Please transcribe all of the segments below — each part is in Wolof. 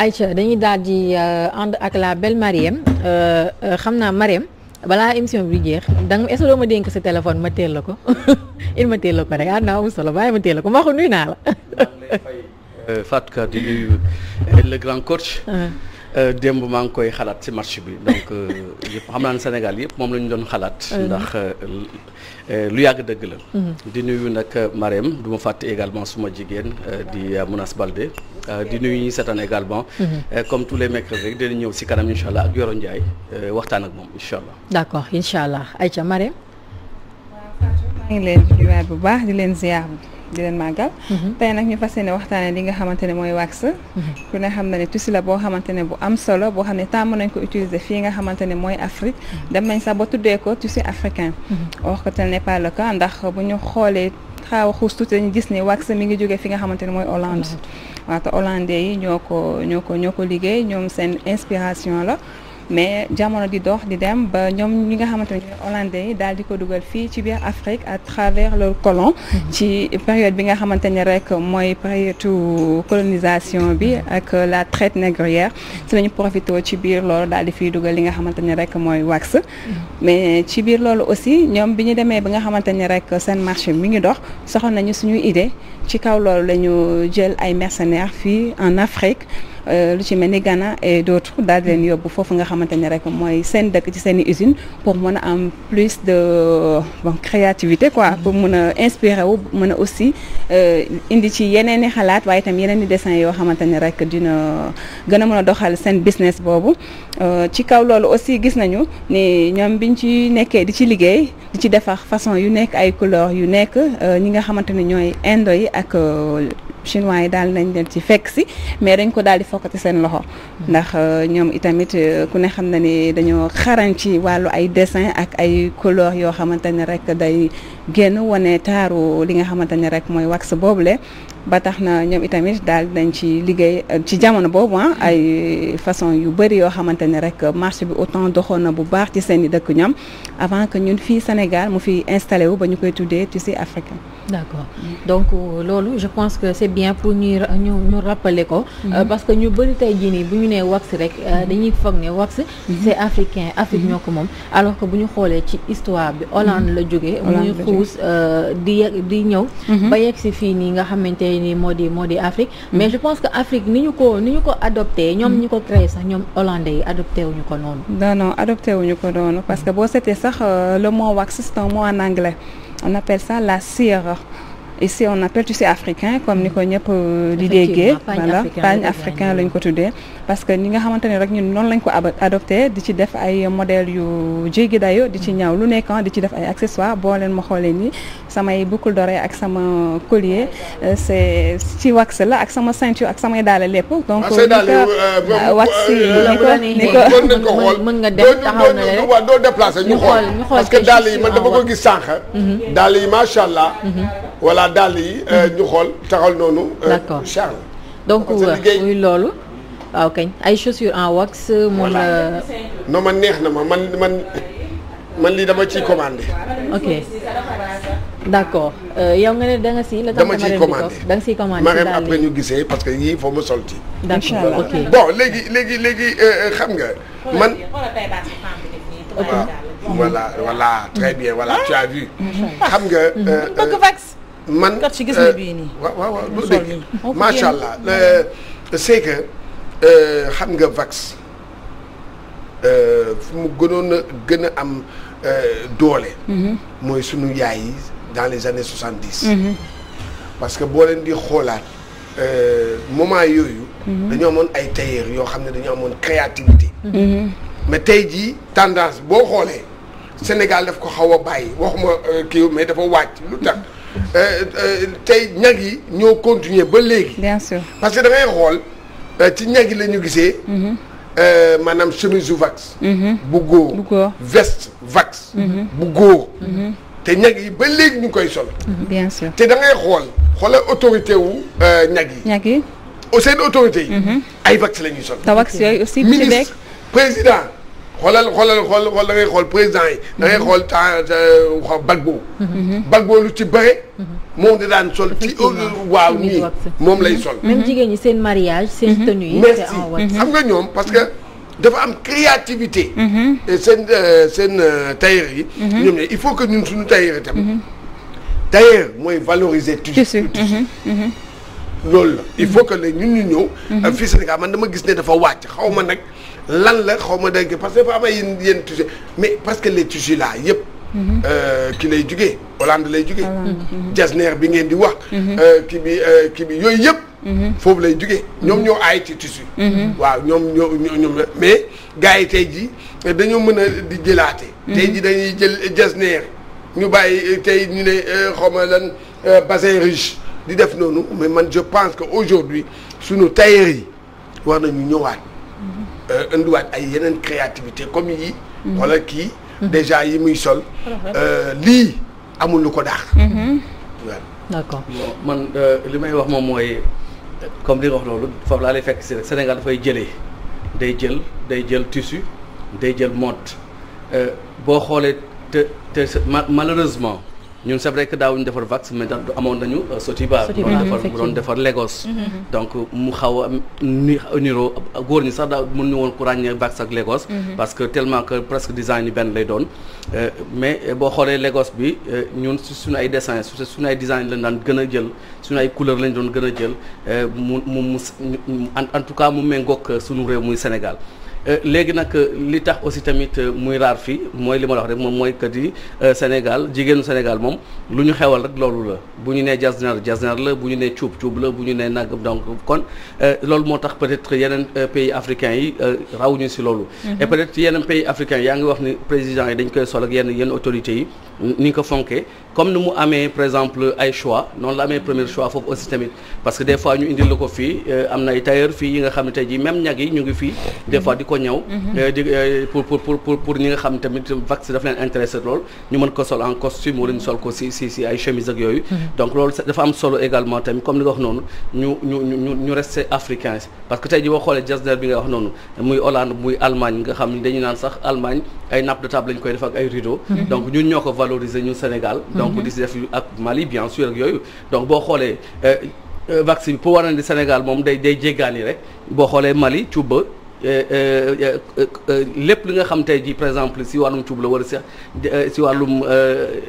ay Aïcha dañuy daal di euh, ànd ak la belle Mariem euh, euh, xam naa Mariem balaa émission bi jeex danga est doo ma dénk si téléphone ma teel la ko il ma teel la ko rek ah naa am solo bàyyi ma teel la ko ma waxu nuyu naa la. Euh, démb maa ngi koy xalaat ci match bi donc euh, yëpp xam naa ne Sénégal yëpp moom la ñu doon xalaat. Euh, ndax lu yàgg dëgg la. Mhm. di nuyu nag Marème du ma fàtte également suma jigéen di Mounas Balde di nuyu ñi seetaan également. Mhm. comme tous les mercredis rek dinañ ñëw si kanam incha allah ak Yoro Ndiaye waxtaan ak moom incha allah. d'accord incha allah Aïcha Marème. waaw leen di bu baax di leen ziar. di leen màggal mm-hmm. tey nag ñu fas yéene waxtaanee li nga xamante ne mooy wax mm-hmm. ku ne xam na ne tissu la boo xamante ne bu am solo boo xam ne tàmm nañ ko utiliser fii nga xamante ne mooy Afrique mm-hmm. dem nañ sax ba tuddee ko tissu africain or que tel n'est pas le cas ndax bu ñu xoolee xaaw a xuus tuuti dañu gis ni wax mi ngi jógee fi nga xamante ne mooy Hollande waaw te yi ñoo ko ñoo ko ñoo ko liggéey ñoom seen inspiration la mais jamono di dox di dem ba ñoom ñi nga xamante ne ñooy hollandais yi daal di ko dugal fii ci biir Afrique à travers leur colon mhm. ci période bi nga xamante ne rek mooy période colonisation bi ak la traite négrière si lañu profité ci biir loolu daal di fiy dugal li nga xamante ne rek mooy wax mhm. mais ci biir loolu aussi ñoom bi ñu demee ba nga xamante ne rek seen marché mi ngi dox soxla nañu suñuy idée ci kaw loolu lañu jël ay mercenaires fii en Afrique Euh, lu ci mel ni gana et d'autres daal di leen yóbbu foofu nga xamante ne rek mooy seen dëkk ci seen usine pour mën a am plus de bon créativité quoi pour mën a inspirer wu mën a aussi euh, indi ci yeneen i xalaat waaye itam yeneen i dessin yoo xamante ne rek dina gën a mën a doxal seen business boobu euh, ci kaw loolu aussi gis nañu ni ñoom biñ ci nekkee di ci liggéey di ci defar façon yu nekk ay couleur yu nekk ñi nga xamante ne ñooy indo yi ak chinois yi daal nañ leen ci fekk si mais dañ ko daal di fokkati seen loxo ndax euh, ñoom itamit euh, ku ne xam ne ni dañoo xarañ ci wàllu ay dessin ak ay couleur yoo xamante ne rek day génn wane taaru li nga xamante ne rek mooy wax boobule ba tax na ñoom itamit daal dañ ci liggéey euh, ci jamono boobu ah ay façon yu bëri yoo xamante ne rek marché bi autant doxoon na bu baax ci seen i dëkk ñoom avant que ñun fii Sénégal mu fi installé wu ba ñu koy tuddee tissu africain. d'accord donc euh, loolu je pense que c'est bien pour ñuy ñu ñu rappeler ko. Mm-hmm. Euh, parce que ñu bëri tey jii nii bu ñu nee wax rek mm-hmm. dañuy foog ne wax. Mm-hmm. c'est africain Afrique ñoo ko moom alors que bu ñu xoolee ci histoire bi Hollande la jógee. muy xuus di di ñëw. ba yegg si fii nii nga xamante xamee ni moo di moo di Afrique mm. mais je pense que Afrique ni ñu ko ni ñu ko adopté ñoom ñu ko créé sax ñoom hollandais yi adopté wuñu ko noonu non non adopté ko noonu parce que boo seetee sax euh, le mot wax c'est un mot en anglais on appelle ça la cire ici on appelle tissu africain comme ni ko ñëpp euh, di déggee voilà pagne africain lañ ko tuddee parce que ni nga xamante ne rek ñun noonu lañ ko adopte di ci def ay modèle yu jéggi dayo di ci ñaaw lu nekk ah, di ci def ay accessoires boo leen ma xoolee ni samay boucle d'oreille ak sama collier euh, c'est ci wax la ak sama ceinture ak samay daale lépp donc ah, euh, wax si ni ko mën nga def taxaw na leen waaw doo déplacé ñu xool parce que daal yi man dama voilà dàll yi euh, mm-hmm. ñu xool taxal noonu. Euh, d'accord Charles. donc euh, muy loolu. waaw kañ ay chaussures en wax. moom la non man neex na ma man man man lii dama ciy commandé. ok d'accord yow nga ne da nga si la dama ciy commandé da nga siy commandé après ñu gisee parce que yii foo ma sol ci. d'accord ok bon léegi léegi léegi xam nga man. voilà voilà très bien voilà tu xam nga. Mm-hmm. man kat si gis nga bii nii. waaw waaw waaw loolu allah c'est que euh, xam nga vax euh, fu mu gënoon a gën a am euh, doole. Mm-hmm. mooy sunu yaay yi dans les années soixante dix. Mm-hmm. parce que boo leen di xoolaat moment yooyu. Mm-hmm. dañoo amoon ay tailleur yoo xam ne dañoo amoon créativité. mais tey jii tendance boo xoolee Sénégal daf ko xaw a bàyyi waxuma kii mais dafa wàcc lu tax. Euh, euh, te ñag yi ñoo continuer ba léegi. bien sûr parce que da ngay xool euh, ci ñag yi la ñu gisee. Mhm. maanaam chemise vax. Mhm. bu góor bu góor veste vax. Mhm. bu góor. te ñag yi ba léegi ñu koy sol. bien sûr te da xool xoolal autorité wu ñag yi. ñag yi seen autorité yi. ay vax la sol. ministre président. xoolal xoolal xool xool da xool président yi da ngay xool temps Gbagbo Gbagbo lu ci bëre moom di daan sol ci waaw nii moom lay sol même mhm. jigéen ñi seen mariage seen mhm. tenue yi merci am nga ñoom parce que dafa am créativité mhm. seen euh, seen euh, tailleur yi ñoom ne il faut que ñun suñu tailleur itam tailleur mooy valoriser tissu loolu la il faut que la ñun ñu ñëw fii Sénégal man dama gis ne dafa wàcc xaw ma nag lan la xaw ma dégg parce que dafa am ay yenn yenn mais parce que les tissus là yëpp. Mhm. Euh, ki lay juge Hollande lay jugee. Mhm. Mhm. jasneer bi ngeen di wax. Euh, kii bi euh, kii bi yooyu yëpp. foofu lay jugee ñoom ñoo aay ci tissu. waaw ñoom ñoo ñoom mais gars yi tey ji dañoo mën a di jëlaate. tey jii dañuy jël jasneer ñu bàyyi tey ñu ne xaw ma lan bassin riche di def noonu mais man je pense que aujourd'hui suñu tailleur yi war nañu ñëwaat. Euh, indiwaat ay yeneen créativité comme yi mhm. wala kii mhm. déjà yi muy sol. Euh, lii amul lu ko daax. Mhm. d'accord man euh, li may wax moom mooy comme li nga wax loolu foofu laa lay fekk si Sénégal dafay jëlee day jël day jël tissu day jël mode boo xoolee te te malheureusement. ñun c'est vrai que daawuñu defar vax mais daal amoon nañu euh, Sotiba bu doon defar bu mm-hmm, mm-hmm. donc mu xaw a ni niro góor ñi sax daaw mën ñu woon ku ràññee vax ak Lagos mm-hmm. parce que tellement que presque design yi benn lay doon euh, mais euh, boo xoolee Lagos bi ñun su suñu ay su suñu ay design lañ daan gën a jël suñu ay couleur lañ doon gën a jël mu mu mu en tout cas mu méngoog suñu réew muy Sénégal Euh, léegi nag euh, li tax aussi tamit euh, muy raar fii mooy li ma wax rek moom mooy que di Sénégal jigéenu Sénégal moom lu ñu xewal rek loolu la bu ñu nee jasner jasner la bu ñu nee cuub cuub la bu ñu nee nag donc kon loolu moo tax peut-être yeneen pays africains yi rawuñu si loolu. Mhm. et peut-être yeneen pays africains yaa ngi wax ni président yi dañ koy sol ak yenn yenn autorités yi ni ko fonkee. comme ni mu amee par exemple ay choix noonu la amee foofu aussi tamit parce que des fois ñu la ko fii euh, am na ay tailleur fii yi nga xam ne tey jii même ñag yi ñu ngi fii des di ko ñëw mhm. euh, euh, pour pour pour nga xam tamit vaccin daf leen intéressé lool ñu mën ko sol en costume wala ñu sol ko si si si ay chemise ak yooyu mhm. donc loolu dafa am solo également tamit comme li nga wax noonu ñu ñu ñu parce que tey jii boo xoolee jasner bi nga wax noonu muy Hollande muy Allemagne donc mhm. di si def ak Mali bien sûr ak yooyu donc boo xoolee euh, euh, vaccin bi pour war na di Sénégal moom day day jéggaani rek boo xoolee Mali Cuba euh, lépp li nga xam tey jii par exemple si wàllum cuub la wala si si wàllum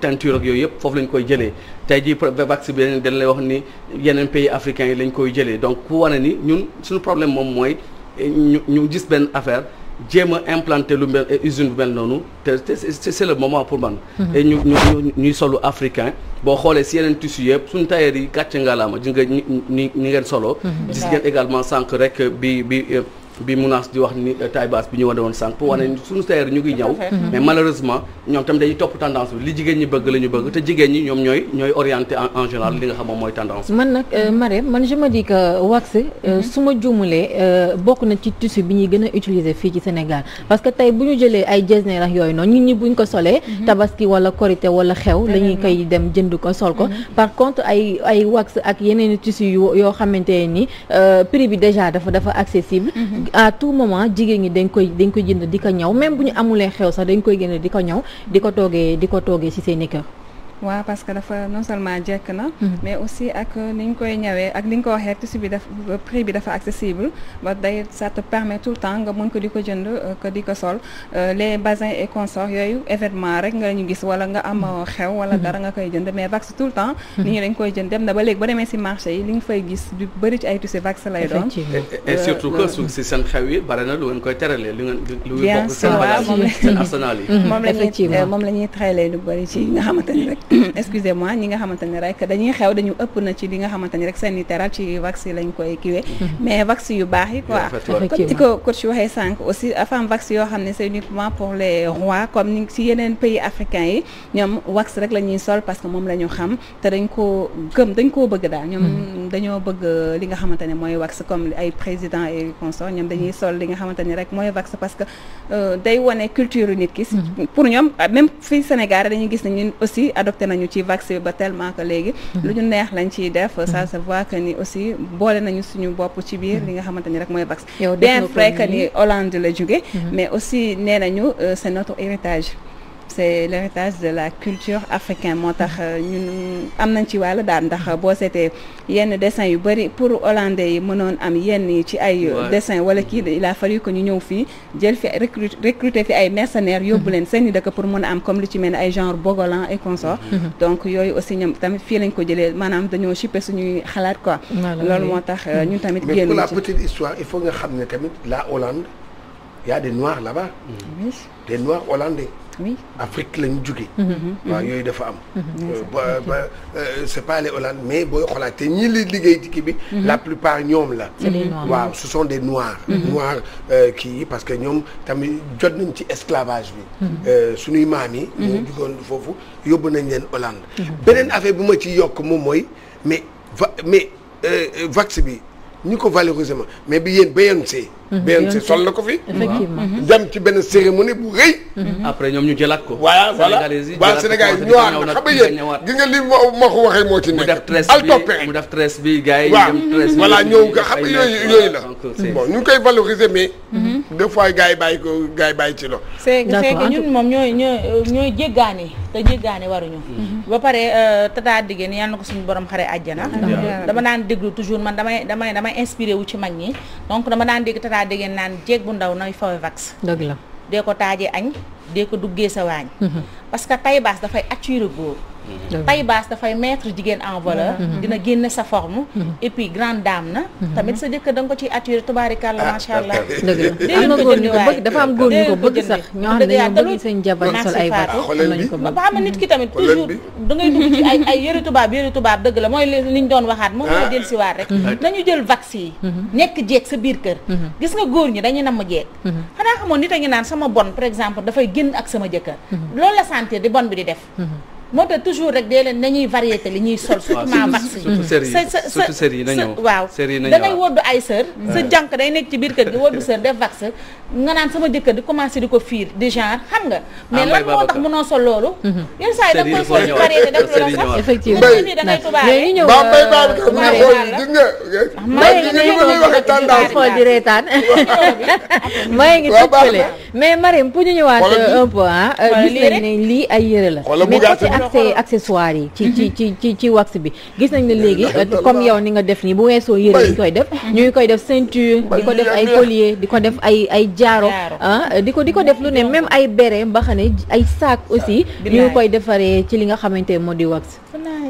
teinture ak yooyu yëpp foofu lañ koy jëlee tey jii vaccin bi dañ lay wax ni yeneen pays africains yi lañ koy jëlee donc ku wane ni ñun suñu problème moom mooy ñu ñu gis benn affaire jéem a implanté lu mel usine bu mel noonu te c'est c'est le moment pour man. Mhm. et ñu ñu ñuy solu africain boo xoolee si yeneen tissu yëpp suñu tailleur yi gàcce ngalaama ji nga ñi ñi ngeen solo. Mhm. gis ngeen également sànq rek bi bi. Euh, bi munaas di wax ni euh, taille basse bi ñu wane woon sànq pour wane ni suñu seer ñu ngi ñëw mais malheureusement ñoom tamit dañuy topp tendance bi li jigéen ñi bëgg la ñu bëgg te jigéen ñi ñoom ñooy ñooy orienté en général li nga xam moom mooy tendance man nag euh, Marème man je wax euh, mm-hmm. su ma juumulee bokk na ci tissu bi ñuy gën a utiliser fii ci Sénégal parce que tey bu ñu jëlee ay jersey rax yooyu noonu nit ñi ñu ko solee mm-hmm. tabaski wala korité wala xew mm-hmm. la ñuy koy dem jënd ko sol ko par contre ay ay wax ak yeneen tissu yoo xamante ni prix bi déjà dafa dafa accessible à tout moment jigéen ñi dañ koy dañ koy jënd di ko ñaw même bu ñu amulee xew sax dañ koy génn di ko ñaw di ko toogee di ko toogee ci seen i kër waa parce que dafa non seulement jekk na mhm. mais aussi ak ni ñu koy ñawee ak ni ñu ko waxee tissu bi daf prix bi dafa accessible ba day ça te permet tout le temps nga mën ko di ko jënd que euh, di ko sol euh, les bassins et consorts yooyu événement rek nga ñu gis wala nga am euh, xew wala mhm. dara nga koy jënd mais vax tout le temps mhm. nit ñi dañ koy jënd dem na ba léegi ba demee si marché yi li nga fay gis du bëri ci ay tissu vax lay doon et surtout que su seen xew yi bare na lu ngeen koy teralee lu moom la ñuy moom la ñuy teralee nga xamante ni excusez-moi ñi nga xamante rek dañuy xew dañu ëpp na ci li nga xamante rek seen i teral ci vax yi lañ koy kiwee mm-hmm. mais vax yu baax yi quoi comme ni ko coach waxee sànq aussi femme vax yoo xam ne c'est uniquement pour les rois comme ni si yeneen pays africains yi ñoom wax rek la ñuy sol parce que moom la xam te dañ koo gëm dañ koo bëgg daal ñoom mm-hmm. dañoo bëgg li nga xamante ne mooy wax comme ay président et consort ñoom dañuy mm-hmm. sol li nga xamante ni rek mooy wax parce que euh, day wone culture nit ki pour adapté nañu ci vaccin ba tellement que léegi mhm. lu ñu neex lañ ciy def ça mhm. se voit que ni aussi boole nañu suñu bopp ci biir mhm. li nga xamante ni rek mooy vaccin bien vrai que ni Hollande la jóge mais aussi nee nañu euh, c'est notre héritage c'est l'héritage de la culture africaine moo tax euh, ñun am nañ ci wàll daal ndax euh, boo seetee yenn dessin yu bari pour hollandais yi mënoon am yenn ci ay euh, dessin wala kii il a fallu que ñu ñëw fii jël fi recruter fi ay mercenaires yóbbu mm-hmm. leen seen i dëkk pour mën a am comme lu ci mel ne ay genre Bogolan et consort mm-hmm. Mm-hmm. donc yooyu aussi ñoom tamit fii lañ ko jëlee maanaam dañoo chippe suñuy xalaat ko loolu moo tax ñun tamit génn pour la petite histoire il faut nga ne tamit la Hollande y a des noirs là-bas des noirs hollandais oui Afrique la ñu mhm. mhm. waaw yooyu dafa am. Mhm, ba euh, c'est pas les Hollandais mais booy xoolaatee ñi li liggéey ci bi. la plupart ñoom la. waaw ce sont des noirs. Euh, kii yi parce que ñoom tamit jot nañ ci esclavage bi. Euh, suñuy maam yi. ñoo jugoon foofu yóbbu nañ leen Hollande. beneen affaire bu ma ci yokk moom mooy mais va mais vax bi ñu ko valoriser mais bi yéen Beyoncé. Mhm. BNC sol na ko fi. effectivement mhm. dem ci benn cérémonie bu rëy. Mhm. après ñoom ñu jëlaat ko. voilà voilà waa Sénégal yi ñëwaat na xam nga yéen gi nga li ma ko waxee moo ci nekk. al mu def tresse bi gars yi. dem tresse bi voilà la. ñu koy valoriser mais. des fois gars yi bàyyi ko gars bàyyi lo c'est que ñun moom ñooy ñooy ñooy jéggaane te jéggaane waruñu. ba pare euh, tata diggéen yal na ko suñu borom xare àjjana. dama daan déglu toujours man damay damay damay inspiré wu ci mag ñi donc dama daan dégg tata laa déggee naan jéeg bu ndaw nay fawe vax dëgg la dee ko taajee añ dee ko duggee sa waañ mhm. parce que taybaas dafay attirer góor Mm-hmm. taille basse dafay mettre jigéen en mm-hmm. Mm-hmm. dina génne sa forme et puis grande dame na tamit sa jëkkër da ko ciy attiré tubaarikàlla ah, macha allah dëgg la am dafa am góor ñu ko ñoo xam ne dañoo bëgg seen jabar sol ay baat am nañu ko ba xam ne ki tamit toujours da ngay dugg ci ay ay yëre tubaab yëre tubaab dëgg la mooy li ñu doon waxaat moom mooy ah. del siwaat rek nañu jël vaccin yi nekk jeeg sa biir kër gis nga góor ñi dañuy namm jeeg xanaa xamoon nit a ngi naan sama bon par exemple dafay génn ak sama jëkkër loolu la santé di bon bi di def moo tax toujours rek dee leen nañuy variété li ñuy sol surtout max surtout sër yi nañu waaw da ngay woddu ay sër sa jànk day nekk ci biir kër gi woddu sër def vax nga naan sama jëkkër di commencé di ko fiir di genre xam nga mais lan moo tax mënoo sol loolu yenn saa yi da koy sol variété def loolu sax effectivement ni ñëw ba mbay baab ka muy gis nga may ñu ngi waxe tendance xool di reetaan may ngi tukkale mais Marème lii ay yëre la accès accessoires yi ci ci ci ci ci wax bi gis nañ ne léegi comme yow ni nga def nii bu weesoo yére ñu koy def mhm. ñuy koy def ceinture di ko def ay collier di ko def ay ay jaaro ah di ko di ko def lu ne même ay bere mbaxane ay saak aussi ñu koy defaree ci li nga xamante moo di wax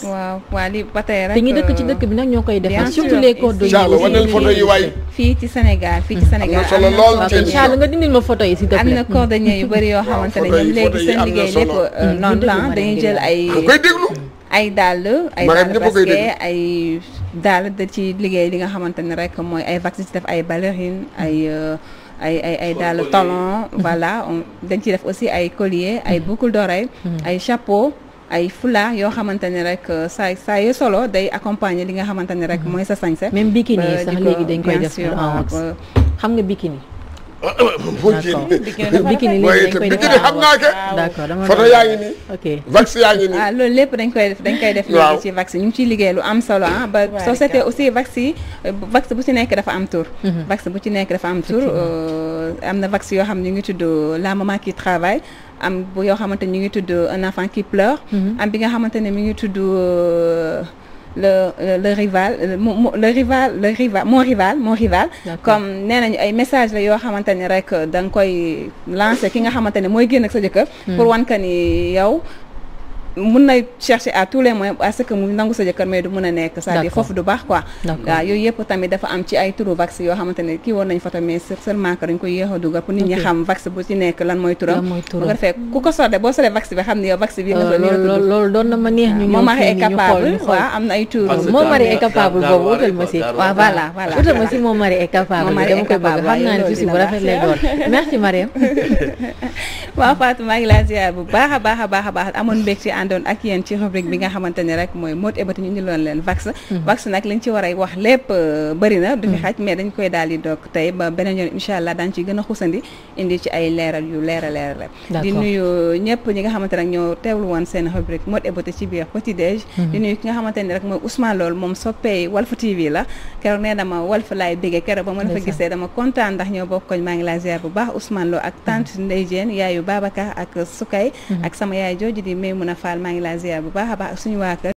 nice. waaw waa li ba rek. te ñi dëkk ci euh, dëkk bi nag ñoo koy defar. surtout les fii ci Sénégal fii ci senegal am na solo lool Charles nga photo yi s'il te plaît. am na cordonniers yu bëri yoo xamante ne ñoom léegi seen liggéey lépp non plan dañuy jël ay. koy ay dàll ay basket ay dàll da ci liggéey li nga xamante ne rek mooy ay vax ci def ay ballerine ay euh, ay ay ay dàll talon voilà dañ ci def aussi ay collier ay mm-hmm. boucle d'oreille mm-hmm. ay chapeau ay fula yoo xamante ne rek euh, saa saa yu solo day accompagner li nga xamante ne rek mm-hmm. mooy sa sañse même bikini sax léegi dañ koy def en wax euh, xam nga bikini bikini bikini xam naa ke photo yaa ngi nii ok vaccin yaa ngi nii waaw ah, loolu lépp dañ koy def dañ koy def léegi ci vaccin ñu ngi ciy liggéey lu am solo ah aussi vaccin vaccin bu ci nekk dafa am tur mhm. vaccin bu ci nekk dafa am tur euh, am na vaccin yoo xam ñu ngi tudd euh, la maman qui am bu yoo xamante ñu ngi tudd euh, un enfant qui pleure mhm. am bi nga xamante ne mi ngi tudd le le, le rival le, le rival le rival comme nee nañu ay message la yoo xamante ni rek da nga koy lancer ki nga xamante ne mooy génn ak sa jëkkër. Hmm. pour wan ka ni yow. mun na chercher à tous les moyens à ce que mu nangu sa jëkkër mais du mun a nekk c'est-à-dire foofu du baax quoi waaw yooyu yëpp tamit dafa am ci ay turu vax yoo xamante ne kii woon nañ photo mais seulement que dañ koy yéex a dugal pour nit ñi xam vax bu ci nekk lan mooy turam bu ko defee ku ko soldé boo solee vax bi xam ne yow vax bi euh, loolu doon na ma neex ñu moom mari est capable waaw am na ay turu ah, moom mari est capable boobu utal ma si waaw voilà voilà utal ma si moom mari est capable dama koy bëgg xam naa ne ci si bu rafet lay doon merci Mariam waaw Fatou maa ngi laa ziar bu baax a baax a baax a baax amoon mbégte àndoon ak yéen ci rubrique bi nga xamante rek mooy mot ebati ñu indiloon leen vax vax nag liñ ci war a wax lépp euh, bëri du fi xaj mais dañ koy daal di doog tey ba beneen yoon incha allah daañ ci gën a xusandi indi ci ay leeral yu leera leera di nuyu euh, ñëpp ñi nga xamante nag ñoo teewlu woon seen rubrique mot ebati ci biir petit déj mhm. di nuyu ki nga xamante ni rek mooy Ousmane loolu moom soppee Walf TV la keroog nee dama Walf laay bégee keroog ba ma dafa gisee dama kontaan ndax ñoo bokk koñ maa ngi la ziar bu baax Ousmane Lo ak tante mhm. Ndeye Diène yaayu Babacar ak Soukay mhm. ak sama yaay Fall maa ngi laa ziar bu baax suñu waa kër